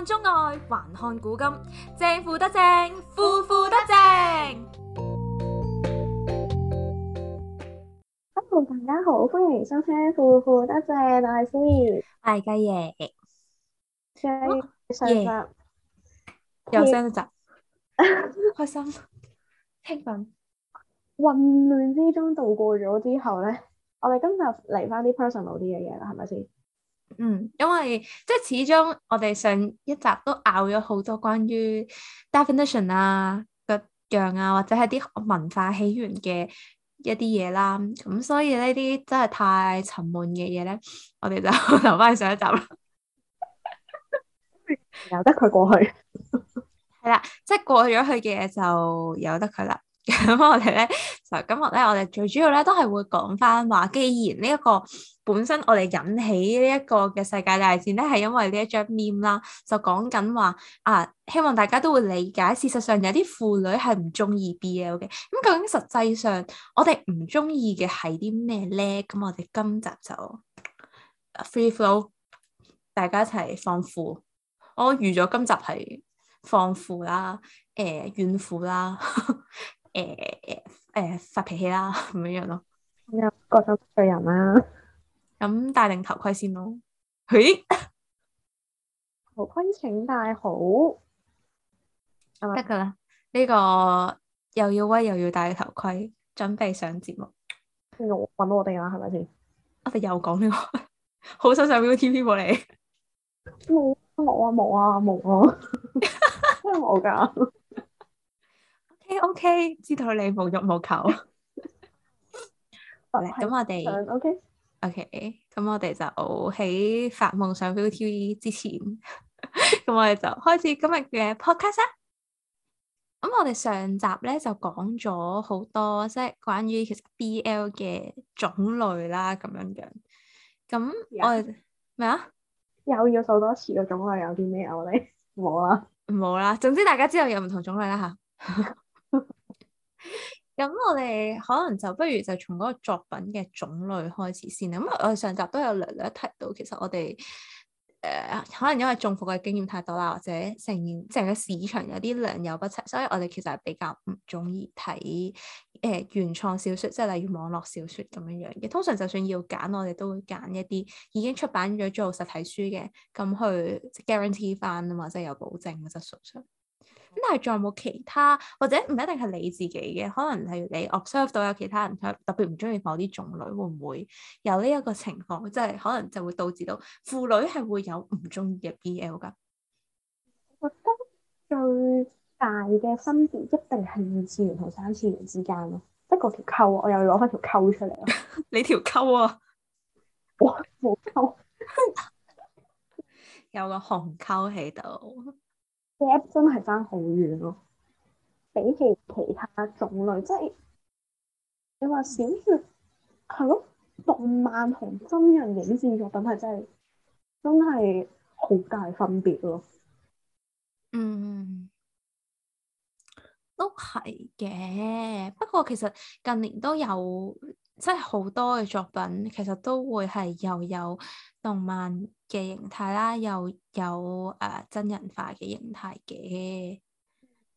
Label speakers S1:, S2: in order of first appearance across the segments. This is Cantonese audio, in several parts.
S1: 看中外，還看古今。正負得正，腐腐得正。
S2: Hello 大家好，歡迎收聽腐腐得正，係咪先？係雞翼。即係成日又上一集，開心興奮。混亂之中度過咗之後咧，我哋今日嚟翻啲 personal 啲嘅嘢啦，係咪先？嗯，
S1: 因為即係始終我哋上一集都拗咗好多關於 definition 啊個樣啊，或者係啲文化起源嘅一啲嘢啦，咁所以呢啲真係太沉悶嘅嘢咧，我哋就留翻喺上一集啦，
S2: 由得佢過去
S1: 係啦， 即係過咗去嘅嘢就由得佢啦。咁 我哋咧就今日咧，我哋最主要咧都係會講翻話，既然呢、這、一個本身我哋引起呢一個嘅世界大戰咧，係因為呢一張 meme 啦，就講緊話啊，希望大家都會理解。事實上有啲腐女係唔中意 BL 嘅，咁究竟實際上我哋唔中意嘅係啲咩咧？咁我哋今集就 free flow，大家一齊放負。我預咗今集係放負啦，誒怨婦啦。 誒誒、呃呃、發脾氣啦，咁樣樣
S2: 咯。有割手罪人啦，
S1: 咁 戴定頭盔先咯。嘿， 頭盔請戴好，得噶啦。呢、這個又要威又要戴頭盔，準備上節目。我搵到我哋啦，係咪先？
S2: 我哋又講呢、這個，
S1: 好想上 Viu TV 過嚟。
S2: 冇啊冇啊冇啊冇啊，冇噶、啊。
S1: Hey, o、okay, k 知道你無欲無求。好， 咁、 嗯、我哋 OK，OK，咁我哋就喺發夢上 ViuTV 之前，咁 我哋就開始今日嘅 podcast 啊。咁 我哋上集咧就講咗好多，即係關於其實 BL 嘅種類啦，咁樣
S2: 樣。咁 我哋，咩啊？有咗數多次嘅種類，有啲咩啊？我哋冇啦，
S1: 冇啦。總之大家知道有唔同種類啦吓。 咁我哋可能就不如就從嗰個作品嘅種類開始先啦。咁我上集都有略略提到，其實我哋誒、呃、可能因為中伏嘅經驗太多啦，或者成成個市場有啲良莠不齊，所以我哋其實係比較唔中意睇誒原創小說，即係例如網絡小說咁樣樣嘅。通常就算要揀，我哋都會揀一啲已經出版咗做實體書嘅，咁去即係 guarantee 翻啊嘛，即係有保證嘅質素上。咁但係仲有冇其他，或者唔一定係你自己嘅，可能係你 observe 到有其他人特別唔中意某啲種類，會唔會有呢一個情況？即係可能就會導致到腐女係會有唔中意嘅 BL 噶。
S2: 我覺得最大嘅分別一定係二次元同三次元之間咯，即係嗰條溝，我又攞翻條溝出嚟咯。
S1: 你條溝啊！
S2: 哇，冇溝， 有個紅溝喺度。真係爭好遠咯，比其其他種類，即係你話小說係咯，動漫同真人影視作品係真係真係好大分別咯。嗯，都係
S1: 嘅，不過其實近年都有。即係好多嘅作品，其實都會係又有動漫嘅形態啦，又有誒、呃、真人化嘅形態嘅。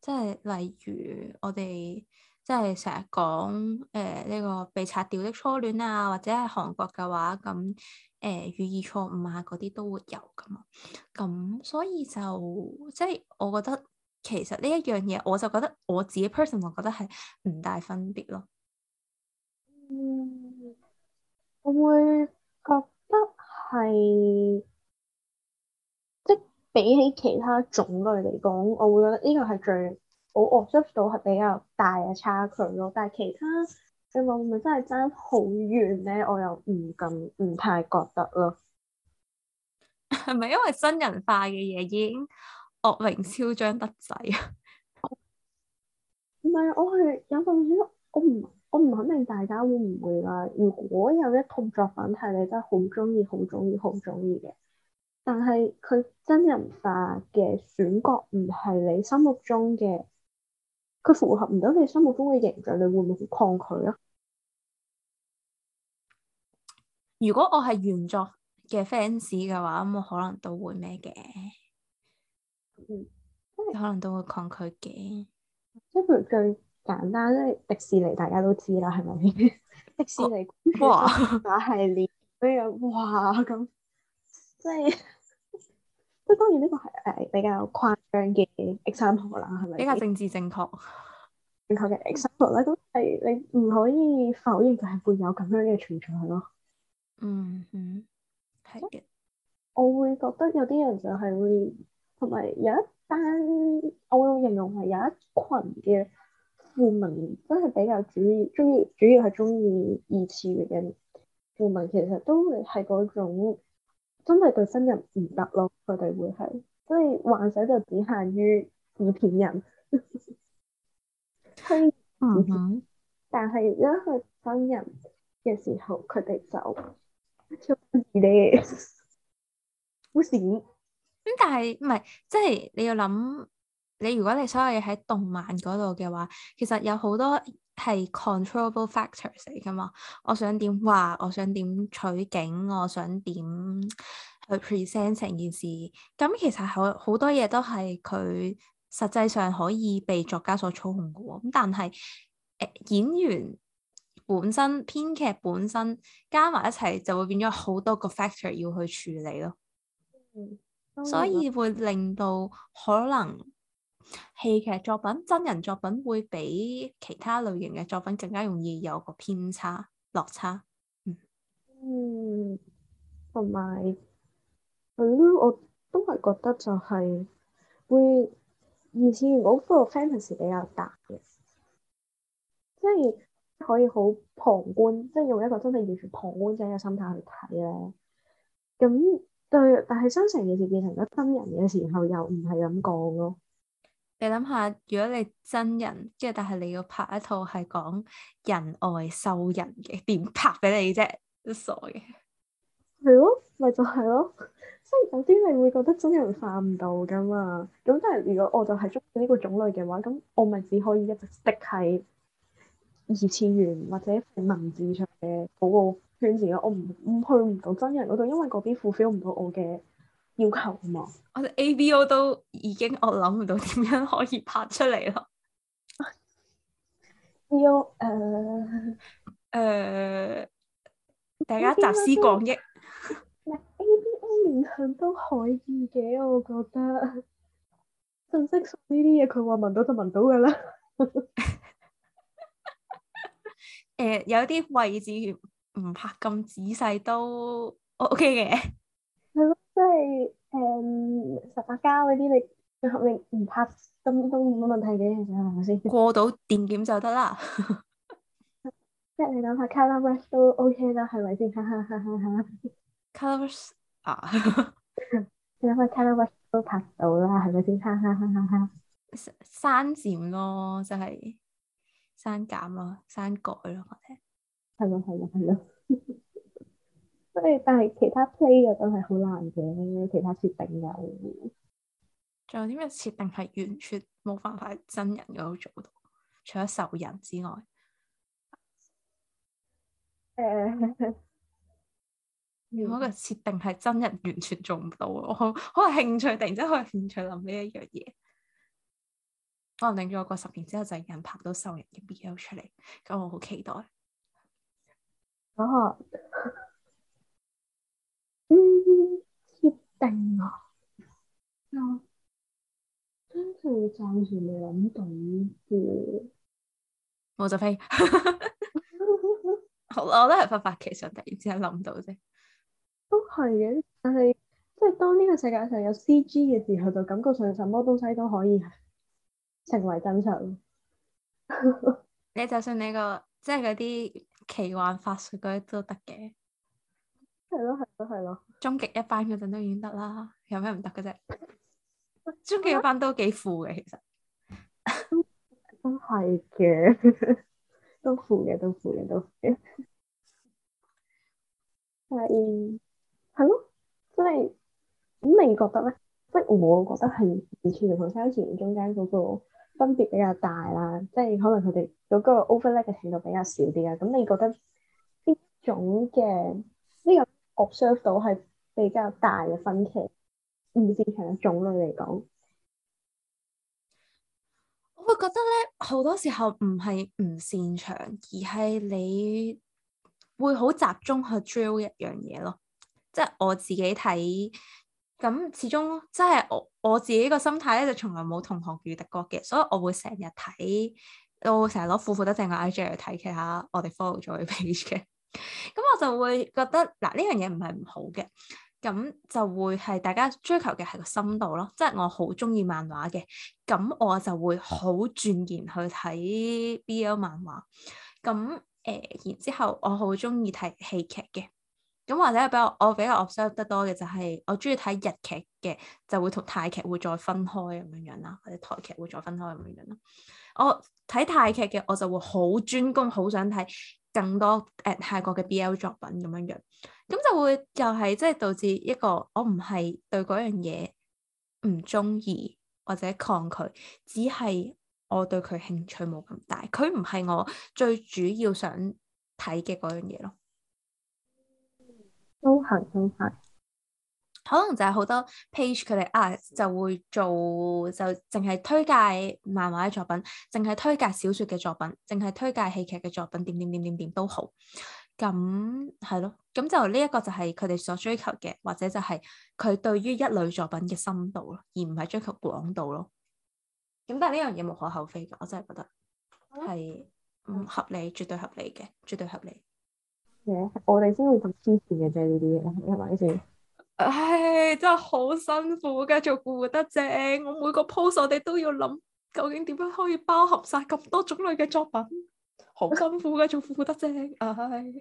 S1: 即係例如我哋即係成日講誒呢個被擦掉的初戀啊，或者係韓國嘅話，咁誒、呃、語意錯誤啊嗰啲都會有噶嘛。咁所以就即係我覺得其實呢一樣嘢，我就覺得我自己 personal，我覺
S2: 得係唔大分別咯。嗯，我會覺得係即比起其他種類嚟講，我會覺得呢個係最好 overlap 到係比較大嘅差距咯。但係其他你話會唔會真係爭好遠咧？我又唔咁唔太覺得咯。
S1: 係咪因為新人化嘅嘢已經惡名昭彰得滯
S2: 啊？唔係， 我係有陣時我唔。我唔肯定大家會唔會啦、啊。如果有一套作品係你真係好中意、好中意、好中意嘅，但係佢真人化嘅選角唔係你心目中嘅，佢符合唔到你心目中嘅形象，你會唔會抗拒啊？
S1: 如果我係原作嘅 fans 嘅話，咁我可能都會咩嘅、嗯？嗯，即可能都會抗拒嘅。即
S2: 係譬如最.簡單即係迪士尼，大家都知啦，係咪？啊、 迪士尼公主打系列，咁哇樣哇咁，即係即當然呢個係誒比較誇張嘅 example 啦，係咪比較政治正確正確嘅 example 咧？都係你唔可以否認，佢係會有咁樣嘅存在咯。嗯，係嘅。我會覺得有啲人就係會同埋有，有一單，我會形容係有一群嘅。富民真係比較主要，中意主要係中意二次元嘅人。富民，其實都係嗰種真係對真人唔得咯，佢哋會係，即係幻想就只限於以片人，推 騙、 嗯哼， 但係咧佢真人嘅時候，佢哋就出二咧，唔止，咁
S1: 但係唔係，即係、就是、你要諗。你如果你所有嘢喺動漫嗰度嘅話，其實有好多係 controllable factors 嚟噶嘛。我想點話，我想點取景，我想點去 present 成件事。咁其實好好多嘢都係佢實際上可以被作家所操控嘅喎。咁但係誒、呃、演員本身、編劇本身加埋一齊就會變咗好多個 factor 要去處理咯。嗯，
S2: 所以
S1: 會令到可能。戲劇作品、真人作品會比其他類型嘅作品更加容易有個偏差落差。
S2: 嗯，同埋、嗯，我呢、嗯，我都係覺得就係、是、會二次元嗰個 fantasy 比較大嘅，即係可以好旁觀，即係用一個真係完全旁觀者嘅心態去睇咧。咁對，但係當成二事變成咗真人嘅時候，又唔係咁講咯。
S1: 你諗下，如果你真人，即係但係你要拍一套係講人外獸人嘅，點拍俾你啫？都傻嘅，
S2: 係咯，咪就係咯。即 係有啲你會覺得真人化唔到噶嘛。咁但係如果我就係中意呢個種類嘅話，咁我咪只可以一直的係二次元或者文字上嘅嗰個圈子咯。我唔唔去唔到真人嗰度，因為嗰邊 feel 唔到我嘅。要求嘅嘛？我哋 A
S1: B O 都已經我諗唔到點樣可以拍出嚟咯。
S2: A B O 誒誒，大家集思廣益。A B O 影響 都可以嘅，我覺得。信息素呢啲嘢，佢話聞到就聞到噶啦。
S1: 誒、 呃，有啲位置唔拍咁仔細都 O K 嘅。
S2: 誒，十八加嗰啲你，你唔拍根本冇問題嘅，係咪先？過到電檢就得啦。 即係你諗下，Color Rush 都 OK 啦，係咪先？哈 哈哈！colour 啊，你諗下 Color Rush 都拍到啦，係咪先？哈哈哈！
S1: 刪減咯，即係刪減咯，刪、就是啊、改咯，係
S2: 咯，係咯，係咯。即係，但係其他 play 又真係好難嘅，其他設定有，
S1: 仲有啲咩設定係完全冇辦法真人嘅都做到，除咗獸人之外，誒，如果個設定係真人完全做唔到，我好，好興趣，突然之間好有興趣諗呢一樣嘢，可能等咗個十年之後就有人拍到獸人嘅 BL 出嚟，咁我好期待。
S2: 啊！ 嗯，設定啊，就真係暫時未諗到嘅，冇就飛。
S1: 我我都係發發奇想，突然之間諗到啫，
S2: 都係嘅。但係即係當呢個世界上有 CG 嘅時候，就感覺上什麼東西都可以成為真相。
S1: 你就算你個即係嗰啲奇幻法術嗰啲都得嘅。係咯係咯係咯終極一班嗰陣都已經得啦，有咩唔得嘅啫？終極 一班都幾腐嘅，其實
S2: 都係嘅，都腐嘅，都腐嘅，都腐嘅。係， 係咯，即係咁，你覺得咧？即係我覺得係二次元同三次元中間嗰個分別比較大啦，即係可能佢哋嗰個 overlap 嘅程度比較少啲啦。咁你覺得呢種嘅呢個？我 observe 到係比較大嘅分歧，唔擅長嘅種類嚟講，我會覺得咧好多時候唔
S1: 係唔擅長，而係你會好集中去 drill 一樣嘢咯。即係我自己睇，咁始終即係我我自己個心態咧就從來冇同行如敵國嘅，所以我會成日睇，到成日攞腐腐得正個 IG 嚟睇其他我哋 follow 住 page 嘅。咁我就會覺得嗱，呢樣嘢唔係唔好嘅，咁就會係大家追求嘅係個深度咯，即係我好中意漫畫嘅，咁我就會好鑽研去睇 BL 漫畫，咁誒、呃，然之後我好中意睇戲劇嘅，咁或者比較我比較，較 observe 得多嘅就係我中意睇日劇嘅，就會同泰劇會再分開咁樣樣啦，或者台劇會再分開咁樣樣啦。我睇泰劇嘅我就會好專攻，好想睇。更多誒、泰國嘅 BL 作品咁樣樣，咁就會又係即係導致一個我唔係對嗰樣嘢唔鍾意或者抗拒，只係我對佢興趣冇咁大，佢唔係我最主要想睇嘅嗰樣嘢咯。都係，
S2: 都係。
S1: 可能就係好多 page 佢哋啊，就會做就淨係推介漫畫嘅作品，淨係推介小說嘅作品，淨係推介戲劇嘅作品，點點點點點都好。咁係咯，咁就呢一個就係佢哋所追求嘅，或者就係佢對於一類作品嘅深度咯，而唔係追求廣度咯。咁但係呢樣嘢無可厚非嘅，我真係覺得係唔合理，絕對合理嘅，絕對合理
S2: yeah，我哋先會咁黐線嘅啫，呢啲嘢係咪先
S1: 唉、哎，真係好辛苦嘅，做腐腐得正，我每個 post 我哋都要諗，究竟點樣可以包含晒咁多種類嘅作
S2: 品，好辛苦嘅，做腐腐得正，唉、哎，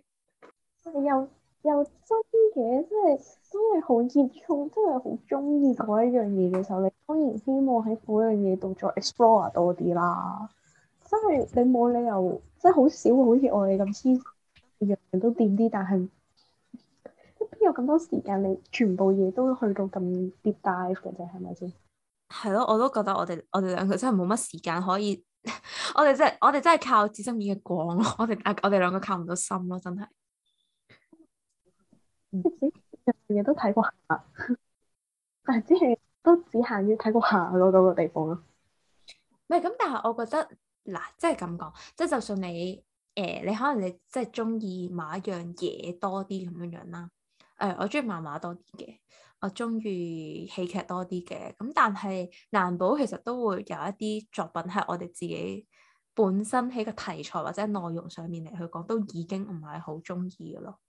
S2: 又又真嘅，真係真係好熱衷，真係好中意嗰一樣嘢嘅時候，你當然希望喺嗰樣嘢度再 explore 多啲啦，真係你冇理由，即係好少，好似我哋咁，先。樣樣都掂啲，但係。邊有咁多時間？你全部嘢都去到咁 deep dive 嘅啫，係咪先？
S1: 係咯，我都覺得我哋我哋兩個真係冇乜時間可以， 我哋真係我哋真係靠知識面嘅廣咯。我哋啊，我哋兩個靠唔到深咯，真係。
S2: 嗯嗯、都睇過,過,過下，但係只係都只限於睇過下嗰嗰個地方咯。
S1: 唔係咁，但係我覺得嗱，
S2: 即係咁講，
S1: 即係就算你誒，你可能你即係中意某一,一樣嘢多啲咁樣樣啦。誒、嗯，我鍾意漫畫多啲嘅，我鍾意戲劇多啲嘅。咁但係難保其實都會有一啲作品係我哋自己本身喺個題材或者內容上面嚟去講，都已經唔係好鍾意嘅咯。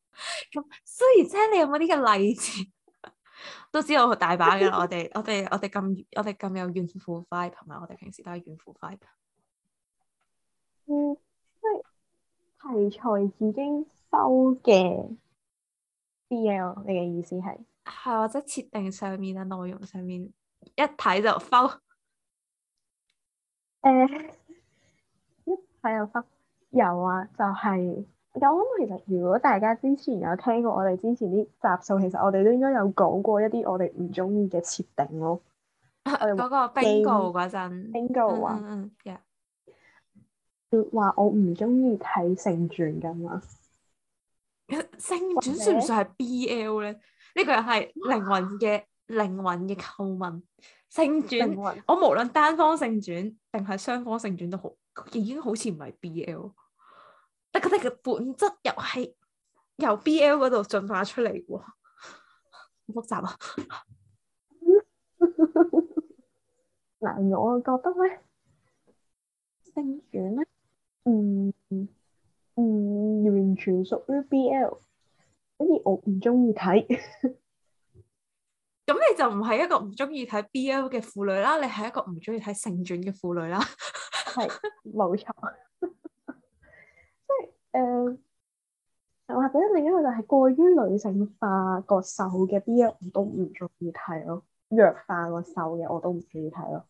S1: 咁 Zoe 姐，你有冇呢個例子？ 都知道我大把嘅，我哋我哋我哋咁我哋咁有怨婦 vibe 同埋我哋平時都係怨婦 vibe。題材
S2: 已經收嘅。啲嘢哦，你嘅意思係係
S1: 或者設定上面啊，內容上面一睇就翻。
S2: 誒，一睇就翻，uh。有啊，就係、是、咁。其實如果大家之前有聽過我哋之前啲集數，其實我哋都應該有講過一啲我哋唔中意嘅設定咯、
S1: 哦。嗰 個 bingo 嗰陣 ，bingo 話，嗯
S2: 嗯 yeah，話我唔中意睇聖傳噶嘛。
S1: 星轉算唔算係 B.L. 咧？呢個又係靈魂嘅靈 魂嘅叩問。星轉，魂我無論單方星轉定係雙方星轉都好，已經好似唔係 B.L. 你覺得佢本質又係由 B.L. 嗰度進化
S2: 出嚟喎，好複雜啊！嗱，我覺得咧，星轉咧，嗯。.嗯，完全屬於 BL，所以我唔中意睇。
S1: 咁 你就唔係一個唔中意睇 BL 嘅婦女啦，你係一個唔中意睇性轉嘅婦女啦。係冇錯，
S2: 即係誒，或者另一個就係、呃就是、過於女性化個受嘅 BL，我都唔中意睇咯。弱化個受嘅我都唔中意睇咯。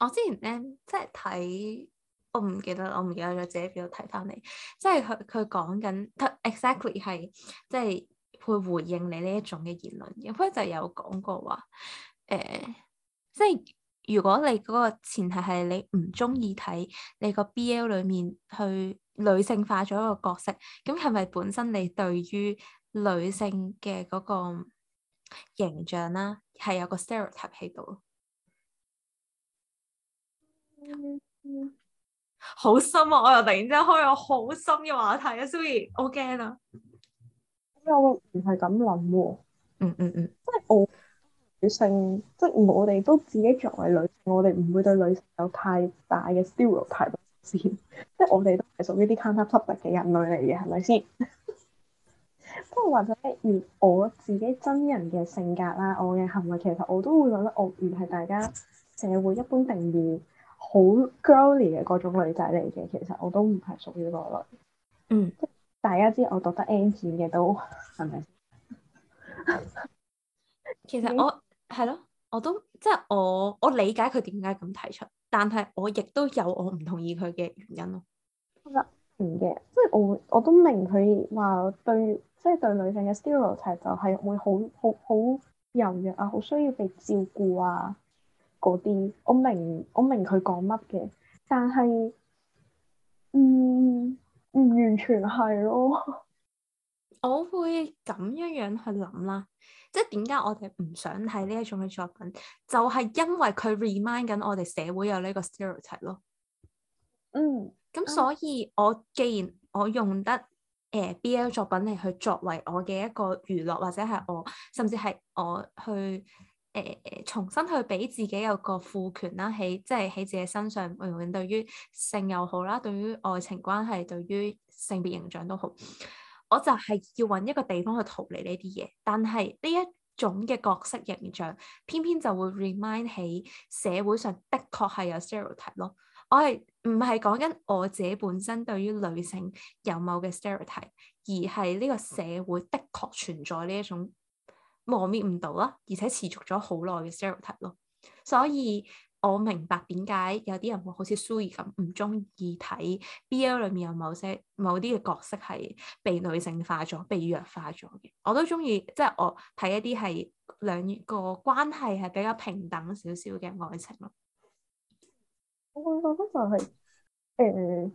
S1: 我之前咧，即係睇。我唔記得，我唔記得咗自己表度睇翻你，即係佢佢講緊，exactly 係即係會回應你呢一種嘅言論。亦或者就有講過話，誒、呃，即係如果你嗰個前提係你唔中意睇你個 BL 裡面去女性化咗一個角色，咁係咪本身你對於女性嘅嗰個形象啦、mm，係有個 stereotype 喺度？
S2: 好深啊！我又突然間開個好深嘅話題，Zoe，我驚啊！我唔係咁諗喎，嗯嗯嗯，即係我女性，即係我哋都自己作為女性，我哋唔會對女性有太大嘅 stereotype 先，即係我哋都係屬於啲 countable 嘅人類嚟嘅，係咪先？不過或者如我自己真人嘅性格啦，我嘅行為，其實我都會覺得我唔係大家社會一般定義。好 girly 嘅嗰種女仔嚟嘅，其實我都唔係屬於嗰個女，嗯，即係大家知我覺得 N 片嘅都係咪？
S1: 其實我係咯、欸，我都，我都即係我我理解佢點解咁提出，但係我亦都有我唔同意佢嘅原因咯。
S2: 唔嘅、嗯，即係我我都明佢話對，即係對女性嘅 stereotype 就係會好好好柔弱啊，好需要被照顧啊。嗰啲我明我明佢講乜嘅，但係，嗯，唔完全係咯。
S1: 我會咁樣樣去諗啦，即係點解我哋唔想睇呢一種嘅作品，就係、是、因為佢 remind 緊我哋社會有呢個 stereotype 咯。嗯，咁所以我既然我用得誒、呃、BL 作品嚟去作為我嘅一個娛樂，或者係我甚至係我去。誒、呃，重新去俾自己有個賦權啦，喺即係喺自己身上，無論對於性又好啦，對於愛情關係，對於性別形象都好，我就係要揾一個地方去逃離呢啲嘢。但係呢一種嘅角色形象，偏偏就會 remind 起社會上的確係有 stereotype 咯。我係唔係講緊我自己本身對於女性有某嘅 stereotype，而係呢個社會的確存在呢一種。磨滅唔到啦，而且持續咗好耐嘅 stereotype 咯，所以我明白點解有啲人會好似 Sui 咁唔中意睇 BL 裏面有某些某啲嘅角色係被女性化咗、被弱化咗嘅。我都中意，即係我睇一啲係兩個關係係比較平等少少嘅愛情咯。
S2: 我會覺得就係誒，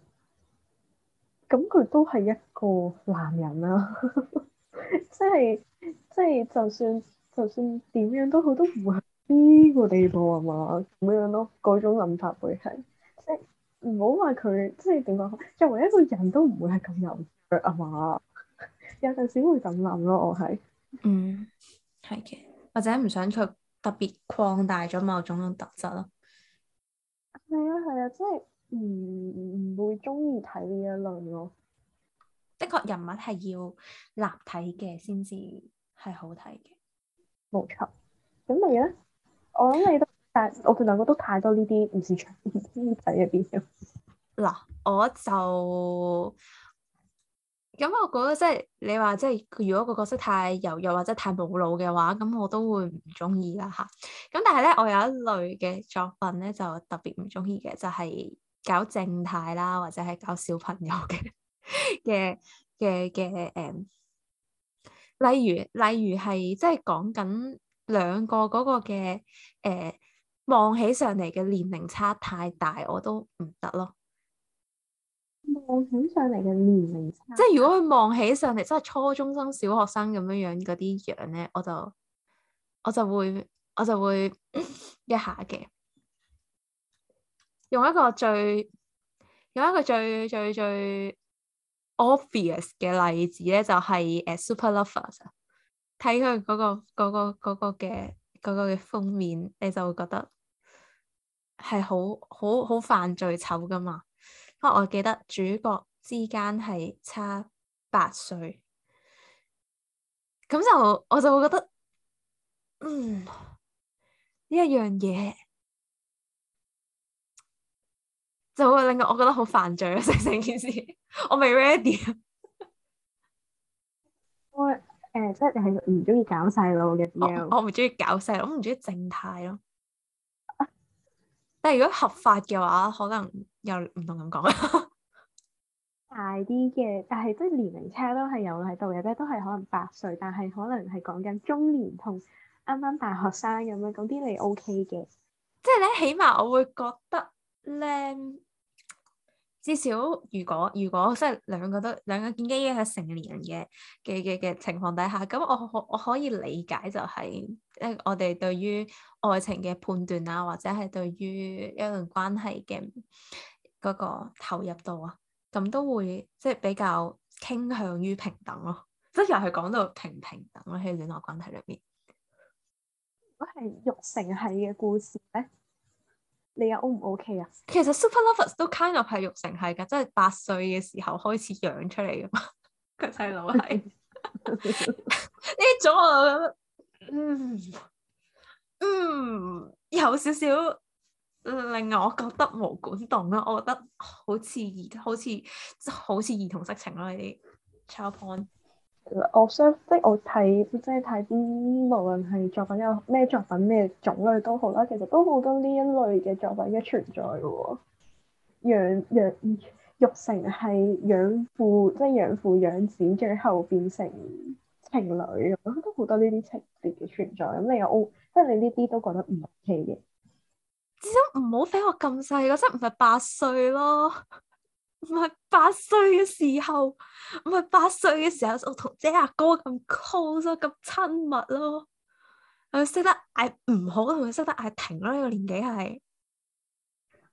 S2: 咁佢都係一個男人啦，即係。即係就算就算點樣都好，都唔會喺呢個地步啊嘛，咁樣咯，嗰種諗法會係，即係唔好話佢，即係點講，作為一個人都唔會係咁有趣啊嘛，有陣時會咁諗咯，我係、嗯，嗯，係嘅，或者唔想佢特別擴大
S1: 咗某種種特質咯，
S2: 係啊係啊，即係唔唔會
S1: 中意睇呢一類咯，的確人物係要立體嘅先至。係好睇嘅，
S2: 冇錯。咁你咧？我諗你都，但我哋兩個都太多呢啲唔擅長嘅嘢，睇入邊。嗱，
S1: 我就咁，我覺得即係你話即係，如果個角色太柔弱或者太冇腦嘅話，咁我都會唔中意啦吓。咁但係咧，我有一類嘅作品咧就特別唔中意嘅，就係、是、搞正太啦，或者係搞小朋友嘅嘅嘅嘅誒。例如，例如係即係講緊兩個嗰個嘅誒，呃、望起上嚟嘅年齡差太大，我都唔得咯。
S2: 望起上嚟嘅年齡差即，即係如果佢望起上嚟，
S1: 即係初中生、小學生咁樣樣嗰啲樣咧，我就我就會我就會一下嘅，
S2: 用
S1: 一個最用一個最最最。最 Obvious 嘅例子咧就係、是、誒 Super Lovers，睇佢嗰、嗰個、嗰個、嗰個嘅、嗰個嘅封面，你就會覺得係好好好犯罪臭噶嘛，不過我記得主角之間係差八歲，咁就我就會覺得嗯呢一樣嘢。就會令我覺得好犯罪啊！成成件事，我未 ready、呃即
S2: 係、啊！我誒即係唔中意搞細路嘅，我
S1: 唔中意搞細路，我唔中意靜態咯。但係如果合法嘅話，可能又唔同咁講啦。
S2: 大啲嘅，但係即係年齡差都係有喺度嘅咧，都係可能八歲，但係可能係講緊中年同啱啱大學生咁樣，嗰啲你 OK 嘅。即係咧，起碼我會覺得靚。至少
S1: 如果如果即係兩個都兩個已經係成年人嘅嘅嘅嘅情況底下，咁我可我，我可以理解就係、是，咧我哋對於愛情嘅判斷啊，或者係對於一段關係嘅嗰個投入度啊，咁都會即係比較傾向於平等咯，啊。即係又係講到平平等咯喺戀愛關係裏面。如果係育成係嘅故事
S2: 咧？你又 O 唔 O K 啊？
S1: 其實 Super Lovers 都 kind of 係育成係㗎，即係八歲嘅時候開始養出嚟㗎嘛。
S2: 佢細佬係
S1: 呢種，嗯嗯，有少少令我覺得無管動啦。我覺得好似兒，好似好似兒童色情啦呢啲。Child porn。
S2: 我相，即我睇，即係睇啲無論係作品有咩作品咩種類都好啦，其實都好多呢一類嘅作品嘅存在嘅。養養育成係養父即係養父養子，最後變成情侶，咁都好多呢啲情節嘅存在。咁、嗯、你又、哦、即係你呢啲都覺得唔 ok 嘅？
S1: 至少唔好飛我咁細個，即係唔係八歲咯。唔係八歲嘅時候，唔係八歲嘅時候，我同姐阿哥咁 close 咁親密咯，識得嗌唔好同佢識得嗌停
S2: 咯呢、這個年紀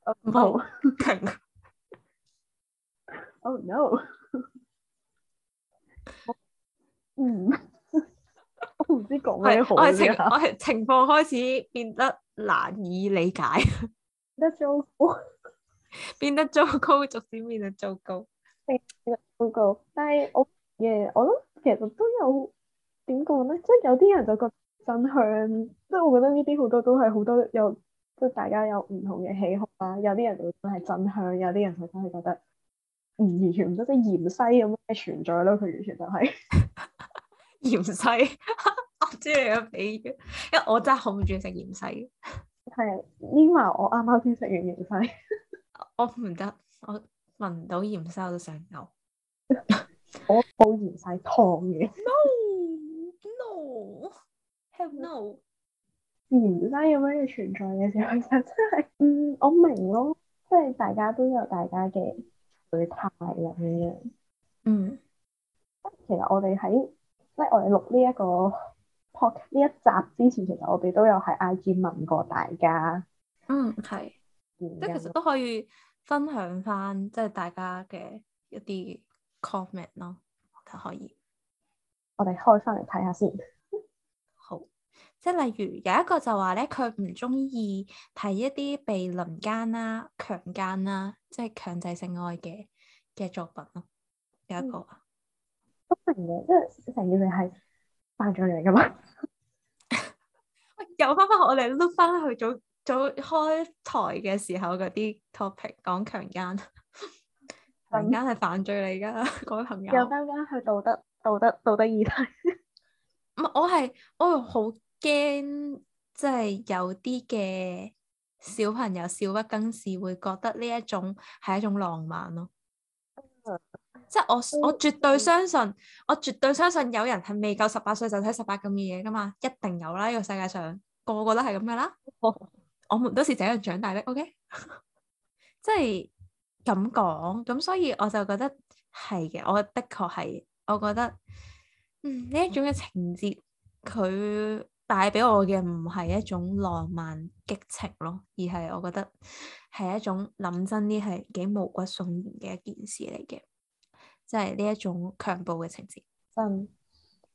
S2: 係，唔好停，no，嗯， 我唔知講咩好啊，我係情我係情況開始變得
S1: 難以理解， 變得糟糕，逐漸變得糟糕，
S2: 變得糟糕。但係我，嘅，我都其實都有點講咧，即係、就是、有啲人就覺真香，即、就、係、是、我覺得呢啲好多都係好多有，即、就、係、是、大家有唔同嘅喜好啊。有啲人就真係真香，有啲人就真係覺得唔完全唔得，即芫荽咁嘅存在咯。佢完全就係
S1: 芫荽，即係俾，因為我真係好唔中意食
S2: 芫荽。係啊，呢晚我啱啱先食完芫荽。
S1: 我唔得，我聞到芫荽我都想嘔。
S2: 我煲芫荽湯嘅。No
S1: no have no
S2: 芫荽咁樣嘅存在嘅時候，就真係，嗯，我明咯，即、就、係、是、大家都有大家嘅態度嚟嘅。呃、嗯，其實我哋喺即係我哋錄呢一個 talk 呢一集之前，其實我哋都有喺 IG 問過大家。嗯，係。即係其實都
S1: 可以分享翻，即係大家嘅一啲 comment 咯，都可以。
S2: 我哋開翻嚟睇下先。好，
S1: 即係例如有一個就話咧、啊，佢唔中意睇一啲被輪姦啦、強姦啦，即係強制性愛嘅
S2: 嘅作品咯。
S1: 有、嗯、一個、嗯、
S2: 都明嘅，因為成件事係犯罪嚟噶嘛。
S1: 喂，又翻返我哋都 o 翻去咗。早開台嘅時候嗰啲 topic 講強姦，強姦係犯罪嚟噶各 位朋友。
S2: 有啲啱係道德道德道德議題。
S1: 唔， 我係我好驚，即、就、係、是、有啲嘅小朋友少不更事，會覺得呢一種係一種浪漫咯。嗯、即係我、嗯、我絕對相信，嗯、我絕對相信有人係未夠十八歲就睇十八咁嘅嘢噶嘛，一定有啦。呢、這個世界上個個都係咁樣啦。 我們都是這樣長大的，OK？即係咁講咁，所以我就覺得係嘅。我的確係，我覺得嗯呢一種嘅情節，佢帶俾我嘅唔係一種浪漫激情咯，而係我覺得係一種諗真啲係幾毛骨悚然嘅一件事嚟嘅，即係呢一種強暴嘅情節。
S2: 真、嗯，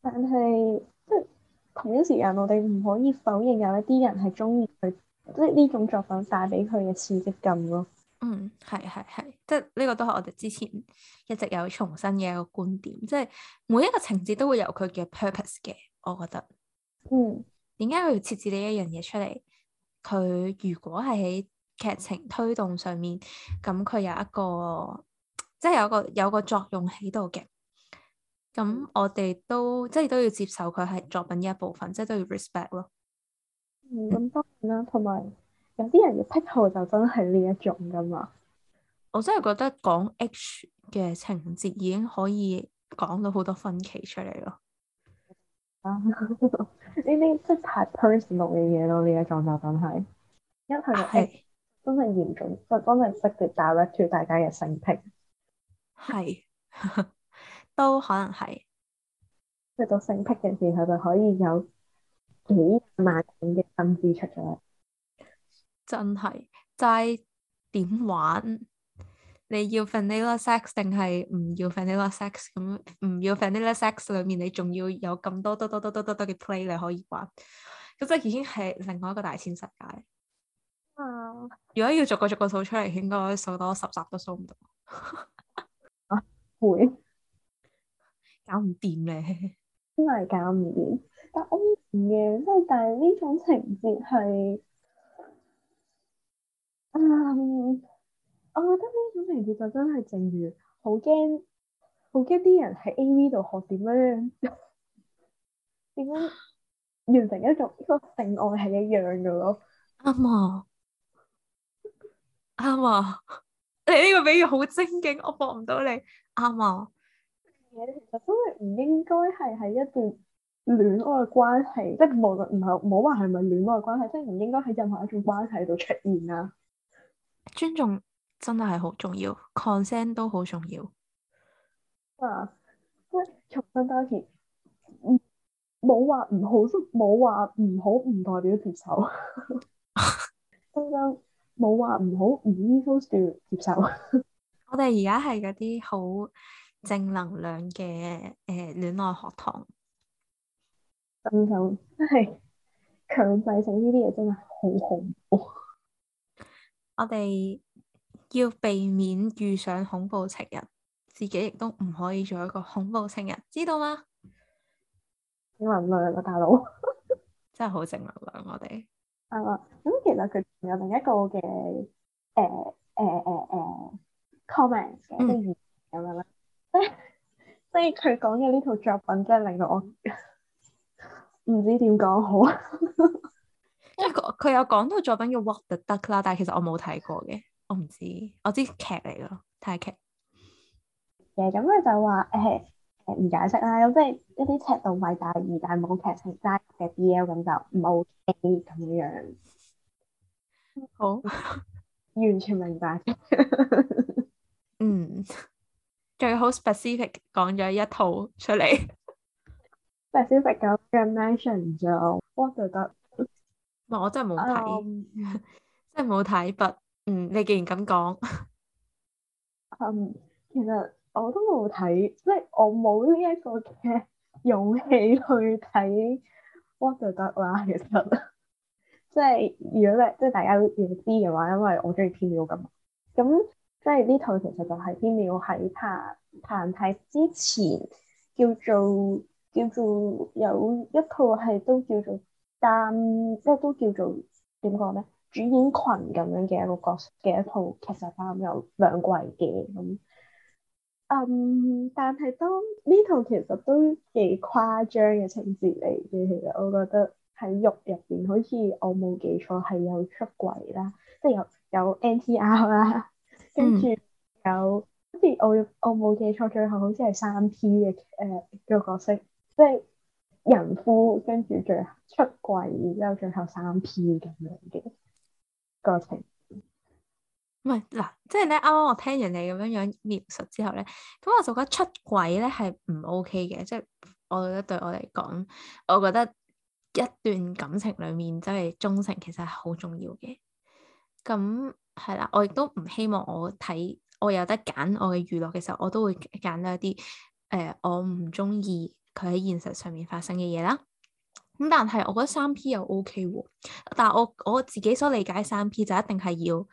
S2: 但係即係同一時間，我哋唔可以否認有一啲人係中意佢。即係呢種作品帶俾佢嘅刺激感咯。嗯，係係係，
S1: 即係呢個都係我哋之前一直有重申嘅一個觀點，即係每一個情節都會有佢嘅 purpose 嘅，我覺得。嗯。點解佢要設置呢一樣嘢出嚟？佢如果係喺劇情推動上面，咁佢有一個，即係有一個有一個作用喺度嘅。咁我哋都即係都要接受佢係作品嘅一部分，即係都要 respect 咯。
S2: 唔咁、嗯、當然啦，同埋有啲人嘅癖好就真係呢一種噶嘛。
S1: 我真係覺得講 H 嘅情節已經可以講到好多分歧出嚟咯。
S2: 呢啲即係太 personal 嘅嘢咯，呢一種就是、一一 H, 是真係因為係真係嚴重，就真係直接 direct 大家嘅性癖係是 都可能係去到性癖嘅時候就可以有。幾萬萬嘅分支出咗，
S1: 真係齋點玩？你要 vanilla sex 定係唔要 vanilla sex？咁唔要 vanilla sex 裏面，你仲要有咁多多多多多多多嘅 play 你可以玩，咁即係已經係另外一個大千世界。
S2: 啊
S1: ！Uh, 如果要逐個逐個數出嚟，應該數多十集都數唔到。
S2: uh, 會搞唔掂咧，真係搞唔掂。安嘅，即係但係呢種情節係，啊、嗯，我覺得呢種情節就真係正如好驚，好驚啲人喺 A. V. 度學點樣，點 樣完成一種呢個性愛係一樣嘅咯。啱啊、嗯，啱、嗯、啊、嗯，你呢個比喻好精警，我博唔到你，啱、嗯、啊。嘢其實真係唔應該係喺一段戀愛關係，即係無論唔係，唔好話係咪戀愛關係，即係唔應該喺任何一種關係度出現啊！尊重真係好重要，consent 都好重要啊！即係重新翻起，嗯，冇話唔好，冇話唔好，唔代表接受。冇話唔好，唔 easy to 接受。
S1: 我哋而家係嗰啲好正能量嘅誒戀愛學堂。
S2: 真係強制性呢啲嘢，真係好恐怖。
S1: 我哋要避免遇上恐怖情人，自己亦都唔可以做一個恐怖情人，知道嗎？
S2: 正能量啊，大佬，
S1: 真係好正能量，我哋。
S2: 啊，咁其實佢仲有另一個嘅誒誒誒誒 comments 嘅，咁樣咧，即係即係佢講嘅呢套作品，真係令到我。唔知點講好，
S1: 因為佢有講到作品叫《Walk The Duck》啦，但係其實我冇睇過嘅，我唔知，我知劇嚟咯，泰劇
S2: 嘅，咁佢就話誒唔解釋啦，咁即係一啲尺度大二但係冇劇情齋嘅 BL 咁就唔 OK 咁樣。好，完全明白。嗯，
S1: 最好 specific 講咗一套出嚟。
S2: 小石狗嘅 mention 咗 what 就得，
S1: 我真係冇睇，嗯、真係冇睇筆。嗯，你既然咁講，
S2: 嗯，其實我都冇睇，即係我冇呢一個嘅勇氣去睇 what 就得啦。其實，其實即係如果咧，即係大家要知嘅話，因為我中意縹緲咁，咁即係呢套其實就係縹緲喺彈彈睇之前叫做。叫做有一套係都叫做，但即係都叫做點講咧？主演群咁樣嘅一個角色嘅一套劇集翻，有兩季嘅咁。嗯，但係當呢套其實都幾誇張嘅情節嚟嘅，其實我覺得喺肉入邊，好似我冇記錯係有出軌啦，即係有有 NTR 啦，跟住、嗯、有，好似我我冇記錯，最後好似係三 P 嘅誒、呃這個角色。即係人夫，跟住最後出軌，然之後最後三 P 咁樣嘅過程。
S1: 唔係嗱，即係咧，啱啱我聽人哋咁樣樣描述之後咧，咁我就覺得出軌咧係唔 OK 嘅。即係我覺得對我嚟講，我覺得一段感情裡面真係忠誠其實係好重要嘅。咁係啦，我亦都唔希望我睇我有得揀，我嘅娛樂嘅時候我都會揀一啲誒、呃、我唔中意。佢喺現實上面發生嘅嘢啦，咁但係我覺得三 P 又 OK 喎，但係我我自己所理解三 P 就一定係要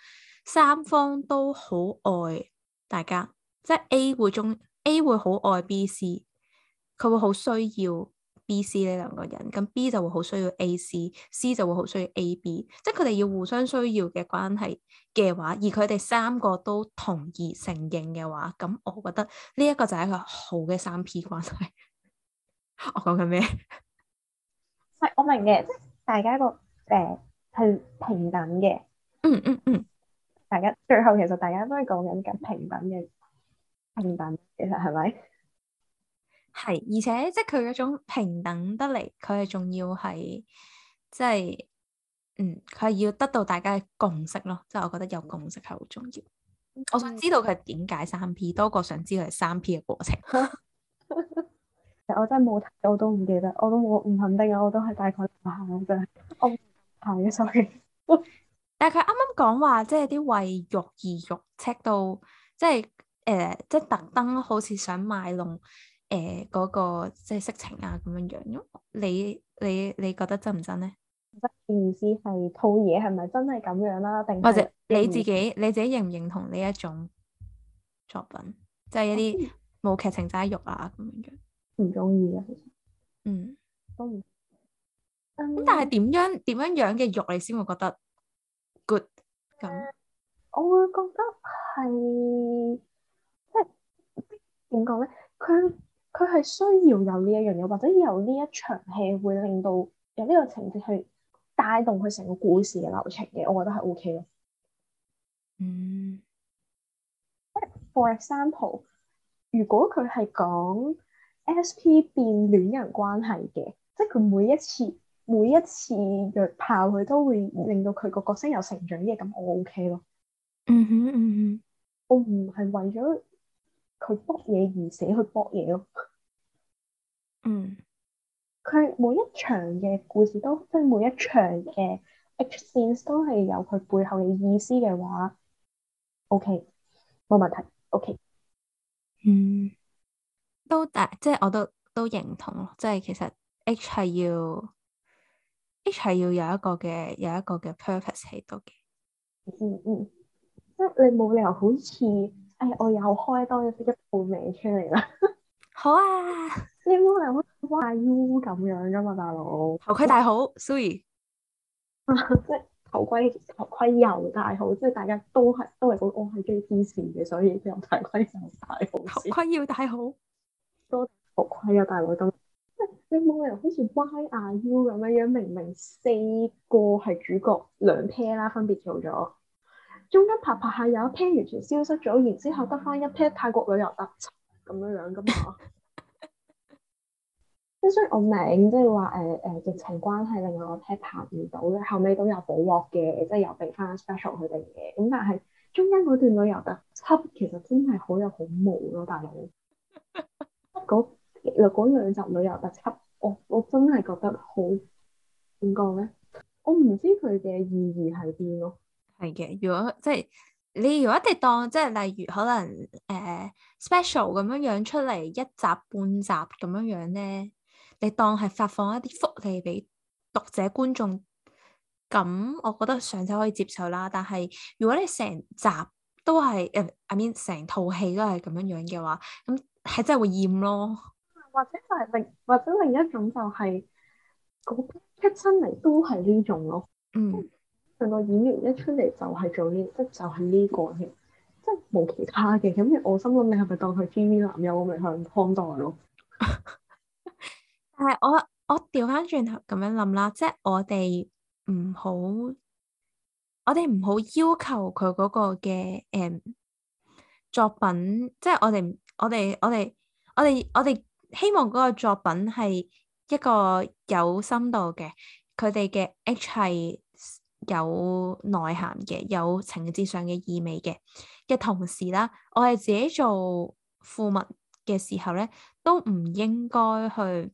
S1: 三方都好愛大家，即係 A 會中 A 會好愛 B、C，佢會好需要 B、C 呢兩個人，咁 B 就會好需要 A、C，C 就會好需要 A、B，即係佢哋要互相需要嘅關係嘅話，而佢哋三個都同意承認嘅話，咁我覺得呢一個就係一個好嘅三 P 關係。我講緊咩？
S2: 係我明嘅，即係大家一個誒係、呃、平等嘅、嗯。嗯嗯嗯，大家最後其實大家都係講緊緊平等嘅平等，其實係咪？係而且即係佢嗰種平
S1: 等得嚟，佢係仲要係即係嗯，佢係要得到大家嘅共識咯。即係我覺得有共識係好重要。嗯、
S2: 我想知道佢
S1: 係點解三 P 多過想知佢係三 P 嘅過程。
S2: 我真係冇睇，我都唔記得，我都冇唔肯定啊！我都係大概下，我真係我唔睇嘅，所以。
S1: 但係佢啱啱講話，即係啲為肉而肉，check 到即係誒，即係特登好似想賣弄誒嗰、呃嗰個即係色情啊咁樣樣。你你你覺得真唔真咧？
S2: 即係意思係套嘢係咪真係咁樣啦、啊？定或者你自己
S1: 你自己認唔認同呢一種作品，即係一啲冇劇情齋肉啊咁樣樣？唔中意嘅，其實！嗯，都唔咁，嗯、但係點樣點樣樣嘅肉你先會覺得
S2: good 咁、嗯？我會覺得係即係點講咧？佢佢係需要有呢一樣嘢，或者有呢一場戲會令到有呢個情節去帶動佢成個故事嘅流程嘅，我覺得係 O K 咯。嗯，即係 for example，如果佢係講。SP 變戀人關係嘅，即係佢每一次每一次約炮佢都會令到佢個角色有成長嘅，咁我 OK 咯。嗯哼嗯哼，hmm. 我唔係為咗佢搏嘢，而死去搏嘢咯。嗯，佢、mm hmm. 每一場嘅故事都即係每一場嘅 scenes 都係有佢背後嘅意思嘅話，OK，冇問題，OK，mm。嗯、hmm.。
S1: 都大，即係我都都認同咯。即係其實 H 係要 H 係要有一個嘅有一個嘅 purpose 喺度。
S2: 嘅。嗯嗯，即係你冇理由好似，哎，我又開多一啲鋪名出嚟啦。 好啊，你冇理由彎彎 U 咁樣啫、啊、嘛，大佬。 頭盔戴好 three 即係頭盔頭盔又戴好，即係大家都係都係好，我係機師嘅，所以就頭盔就戴好。頭盔要戴好。多好盔啊，大佬咁、欸，你冇理由好似 Y R U 咁樣樣，明明四個係主角兩 pair 啦，分別做咗，中間拍拍下有一 pair 完全消失咗，然之後得翻一 pair 泰國旅遊特輯咁樣樣噶嘛。即係所以我明，即係話誒誒疫情關係令我 pair 拍唔到咧，後尾都有補鑊嘅，即係又俾翻 special 佢哋嘅。咁但係中間嗰段旅遊特輯其實真係好有好毛咯、啊，大佬。 嗰兩集旅遊特輯，我我真係覺得好點講咧？我唔知佢嘅意義係邊咯。係嘅，如果即係
S1: 你如果你當即係例如可能誒 special 咁樣樣出嚟一集半集咁樣樣咧，你當係發放一啲福利俾讀者觀眾，咁我覺得上手可以接受啦。但係如果你成集都係誒、呃，I mean 成套戲都係咁樣樣嘅話，咁。係真係會厭
S2: 咯，或者就係另，或者另一種就係嗰班嚟都係呢種咯，嗯，兩個演員一出嚟就係做呢，即係就係呢個戲，即係冇其他嘅。咁我心諗你係咪當佢 TV 男友咁樣看待咯？
S1: 但係我我調翻轉頭咁樣諗啦，即係我哋唔好，我哋唔好要求佢嗰個嘅，誒、嗯。作品即係我哋，我哋，我哋，我哋，我哋希望嗰個作品係一個有深度嘅，佢哋嘅 H 係有內涵嘅，有情節上嘅意味嘅嘅同時啦，我哋自己做腐女嘅時候咧，都唔應該去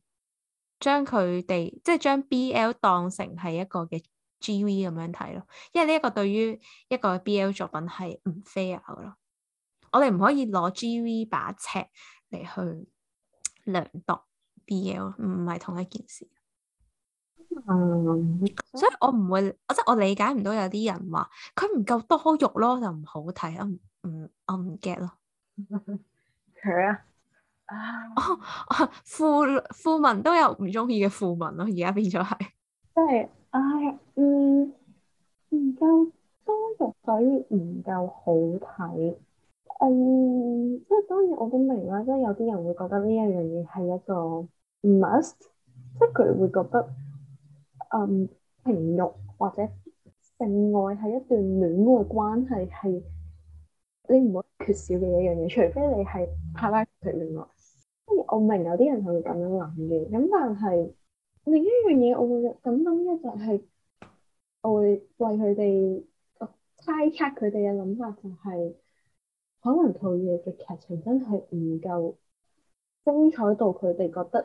S1: 將佢哋即係將 BL 當成係一個嘅 GV 咁樣睇咯，因為呢一個對於一個 BL 作品係唔 fair 嘅咯。我哋唔可以攞 G.V. 把尺嚟去量度 B.L.，唔係同一件事。嗯，所以我唔會，我即係我理解唔到有啲人話佢唔夠多肉咯，就唔好睇 啊。唔， 我唔 get 咯。佢啊，啊，腐腐文都有唔鍾意嘅腐文咯。而家變咗係
S2: 即係唉，唔唔夠多肉，所以唔夠好睇。嗯，即係、um, 當然我都明啦，即係有啲人會覺得呢一樣嘢係一個 must，即係佢會覺得，嗯，情慾或者性愛係一段戀愛關係係你唔可缺少嘅一樣嘢，除非你係拍拉同另外柏拉圖戀愛。跟住 我明有啲人係會咁樣諗嘅，咁但係另一樣嘢我會樣，咁諗咧就係、是、我會為佢哋猜測佢哋嘅諗法就係、是。可能套嘢嘅劇情真係唔夠精彩到佢哋覺得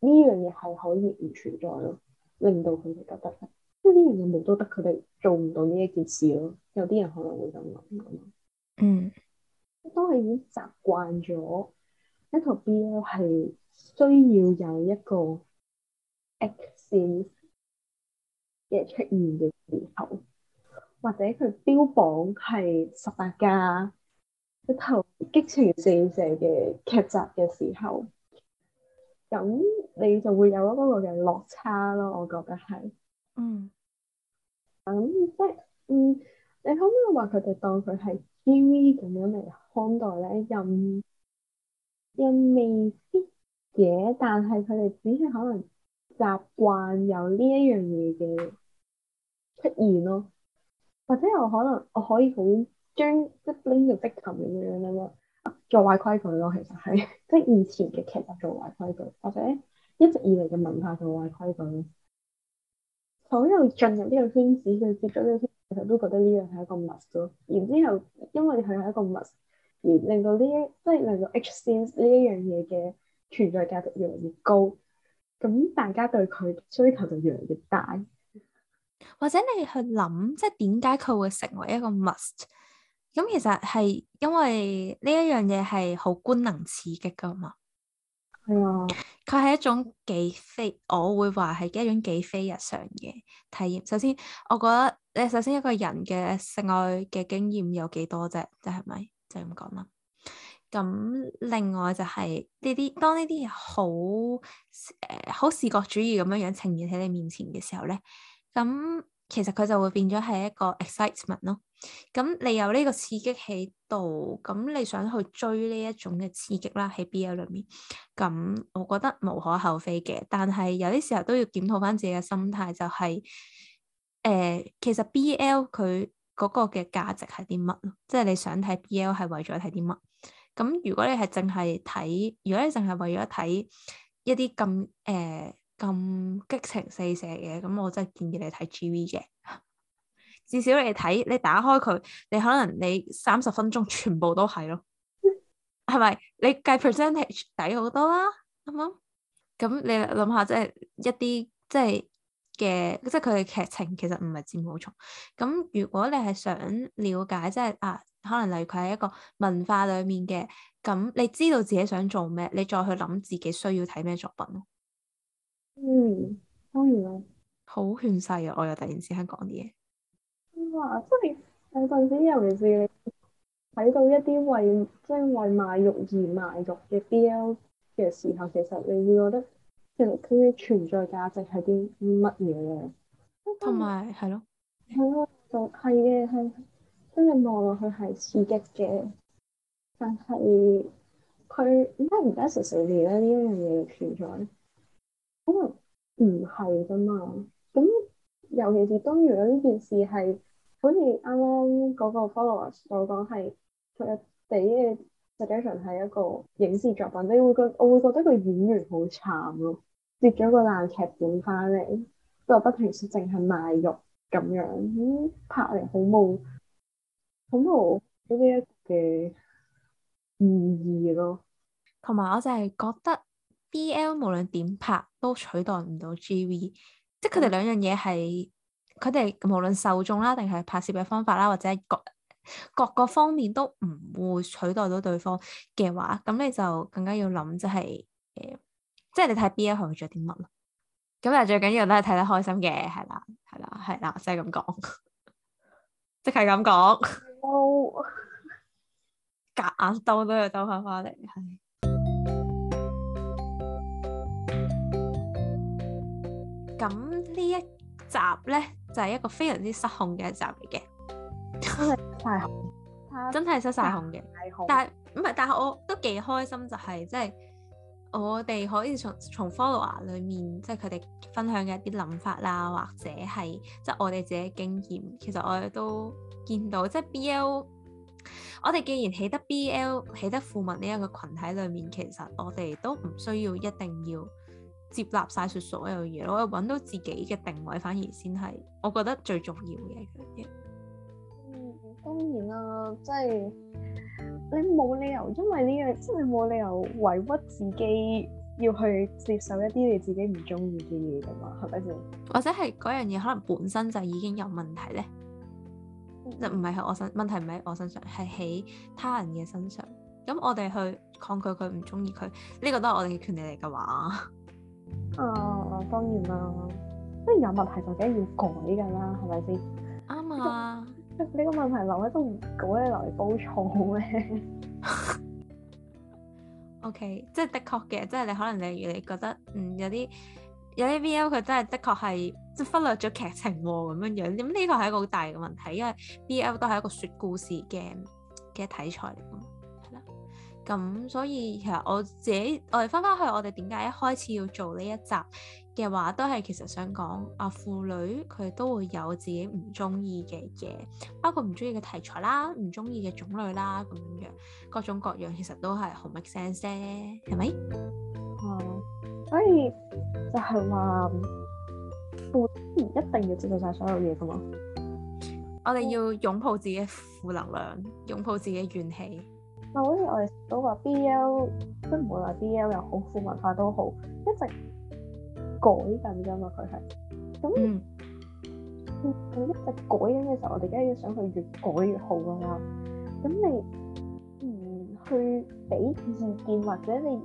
S2: 呢樣嘢係可以唔存在咯，令到佢哋覺得呢即係啲人冇都得，佢哋做唔到呢一件事咯。有啲人可能會咁諗。嗯。當你已經習慣咗一套 BL 係需要有一個 exceed 嘅出現嘅時候，或者佢標榜係十八加。投激情四射嘅劇集嘅時候，咁你就會有一個個嘅落差咯，我覺得係。嗯。咁、嗯、即嗯，你可唔可以話佢哋當佢係 TV 咁樣嚟看待咧？又又未必嘅，但係佢哋只係可能習慣有呢一樣嘢嘅出現咯，或者我可能我可以好。將即拎住迫琴咁樣啊嘛，做壞規矩咯。其實係即以前嘅劇集做壞規矩，或者一直以嚟嘅文化做壞規矩。從呢度進入呢個圈子佢接觸呢啲，其實都覺得呢樣係一個 must。然後之後因為佢係一個 must，而令到呢一即係令到 H scene 呢一樣嘢嘅存在價值越嚟越，越高，咁大家對佢追求就越嚟越大。
S1: 或者你去諗，即係點解佢會成為一個 must？咁其實係因為呢一樣嘢係好官能刺激噶嘛，係啊，佢係、嗯、一種幾非，我會話係一種幾非日常嘅體驗。首先，我覺得你首先一個人嘅性愛嘅經驗有幾多啫，即係咪？就咁講啦。咁另外就係呢啲，當呢啲嘢好誒好視覺主義咁樣樣呈現喺你面前嘅時候咧，咁其實佢就會變咗係一個 excitement 咯。咁、嗯、你有呢個刺激喺度，咁、嗯、你想去追呢一種嘅刺激啦，喺 BL 裏面，咁、嗯、我覺得無可厚非嘅。但係有啲時候都要檢討翻自己嘅心態、就是，就係誒，其實 BL 佢嗰個嘅價值係啲乜咯？即係你想睇 BL 係為咗睇啲乜？咁如果你係淨係睇，如果你淨係為咗睇一啲咁誒咁激情四射嘅，咁、嗯、我真係建議你睇 GV 嘅。至少你睇，你打開佢，你可能你三十分鐘全部都係咯，係咪？ 你計 percentage 抵好多啦，啱唔啱？咁你諗下，即係一啲即係嘅，即係佢嘅劇情，其實唔係佔好重。咁如果你係想了解，即係啊，可能例如佢係一個文化裏面嘅，咁你知道自己想做咩，你再去諗自己需要睇咩作品咯、嗯。嗯，當然啦，好勸世啊！我又突然之間講啲嘢。
S2: 哇！真係有陣時，尤其是你睇到一啲為即係為賣肉而賣肉嘅 BL 嘅時候，其實你會覺得其實佢嘅存在價值係啲乜嘢咧？同埋係咯，係嘅、嗯，係有。即係望落去係刺激嘅，但係佢點解而家成日聊呢一樣嘢存在？可能唔係㗎嘛。咁尤其是當如果呢件事係，好似啱啱嗰個 followers 所講，係佢哋嘅 situation 係一個影視作品，你會覺我會覺得佢演員好慘咯，接咗個爛劇本翻嚟，又不停説淨係賣肉咁樣，咁拍嚟好冇好冇呢啲嘅意
S1: 義咯。同埋我就係覺得 BL 無論點拍都取代唔到 GV，即係佢哋兩樣嘢係。佢哋無論受眾啦，定係拍攝嘅方法啦，或者各各個方面都唔會取代到對方嘅話，咁你就更加要諗、就係呃，即係誒，即係你睇 B 一佢做啲乜咯。咁但最緊要都係睇得開心嘅，係啦，係啦，係啦，即係咁講，即係咁講。 夾硬兜都要兜翻翻嚟，係。咁呢一集咧？就係一個非常之失控嘅一集嚟嘅，真係失
S2: 控，真係失曬控嘅。但
S1: 係唔係，但係我都幾開心，就係，就係即係我哋可以從從 follower 裏面，即係佢哋分享嘅一啲諗法啦，或者係即係我哋自己經驗。其實我哋都見到，即係 BL，我哋既然起得 BL 起得腐文呢一個群體裏面，其實我哋都唔需要一定要。接納晒說所有嘢，我係搵到自己嘅定位，反而先係我覺得最重要嘅嘢，嗯。當
S2: 然啦，啊，即係你冇理由因為呢樣，即係你冇理由委屈自己要去接受一啲你自己唔中意嘅嘢噶嘛，係咪先？
S1: 或者係嗰樣嘢可能本身就已經有問題咧？就唔係喺我身，問題唔喺我身上，係喺他人嘅身上。咁我哋去抗拒佢唔中意佢，呢、呢個都係我哋嘅權利嚟嘅話。
S2: 啊，當然啦，即係有問題就梗係要改噶啦，係咪先？啱啊，即呢個，個問題留喺度唔改，落嚟煲錯咩
S1: ？O K，即係的確嘅，即係你可能例如你覺得，嗯，有啲有啲 BL 佢真係的確係即係忽略咗劇情咁樣樣，咁呢個係一個好大嘅問題，因為 BL 都係一個說故事嘅嘅題材嚟嘛。咁所以其實我自己，我哋翻翻去，我哋點解一開始要做呢一集嘅話，都係其實想講啊，腐女佢都會有自己唔鍾意嘅嘢，包括唔鍾意嘅題材啦，唔鍾意嘅種類啦，咁樣樣各種各樣，其實都係好 make sense 啫，係咪？哦、嗯，
S2: 所以就係話，腐女唔一定要接受晒所有嘢㗎嘛，
S1: 我哋要擁抱自己負能量，擁抱自己怨氣。
S2: 嗱，好似我哋食到個 BL，都唔會話 BL 又好，腐文化都好，一直改緊㗎嘛。佢係咁，佢、嗯、一直改緊嘅時候，我哋梗係要想去越改越好啦。咁你唔去俾意見，或者你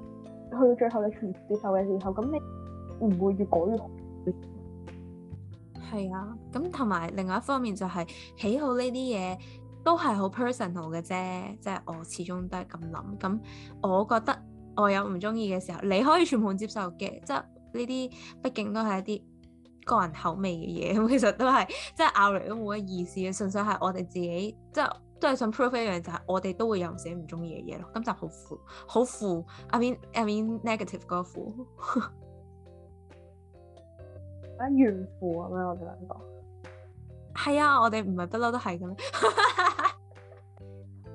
S2: 去到最後你全接受嘅時候，咁你唔會越改越好。
S1: 係啊，咁同埋另外一方面就係、是、喜好呢啲嘢。都係好 personal 嘅啫。即係我始終都係咁諗。咁我覺得我有唔中意嘅時候，你可以全盤接受嘅。即係呢啲畢竟都係一啲個人口味嘅嘢，咁其實都係即係拗嚟都冇乜意思嘅。純粹係我哋自己，即係都係想 prove 一樣，就係我哋都會有自己唔中意嘅嘢咯。咁就好負好負。I mean I mean negative 嗰 個負啊，怨負咁樣，我哋兩個係啊！我哋唔係不嬲都係嘅咩？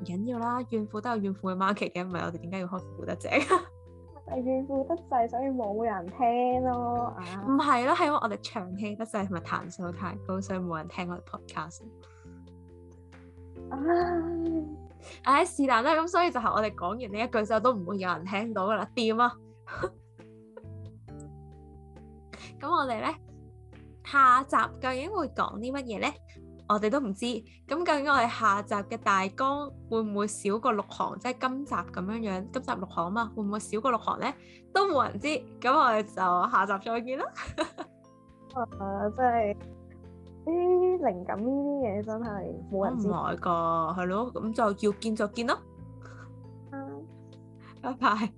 S1: 唔緊要啦，怨婦都有怨婦嘅 marketing，唔係我哋點解要開腐得正 怨婦得滯？
S2: 我哋怨婦得滯，所以冇人聽咯，啊！唔係啦，
S1: 係因為我哋長氣得滯，同埋彈數太高，所以冇人聽我哋 podcast。唉、哎，是但、哎、啦，咁所以就係我哋講完呢一句之後，都唔會有人聽到噶啦，掂啊？咁 我哋咧，下集究竟會講啲乜嘢咧？我哋都唔知，咁究竟我哋下集嘅大綱會唔會少過六行？即係今集咁樣樣，今集六行啊嘛，會唔會少過六行咧？都冇人知，咁我哋就下集再見啦。
S2: 啊，真係呢啲靈感呢啲嘢真係冇人知。唔愛
S1: 個係咯，咁就要見就見咯。
S2: 好，拜拜。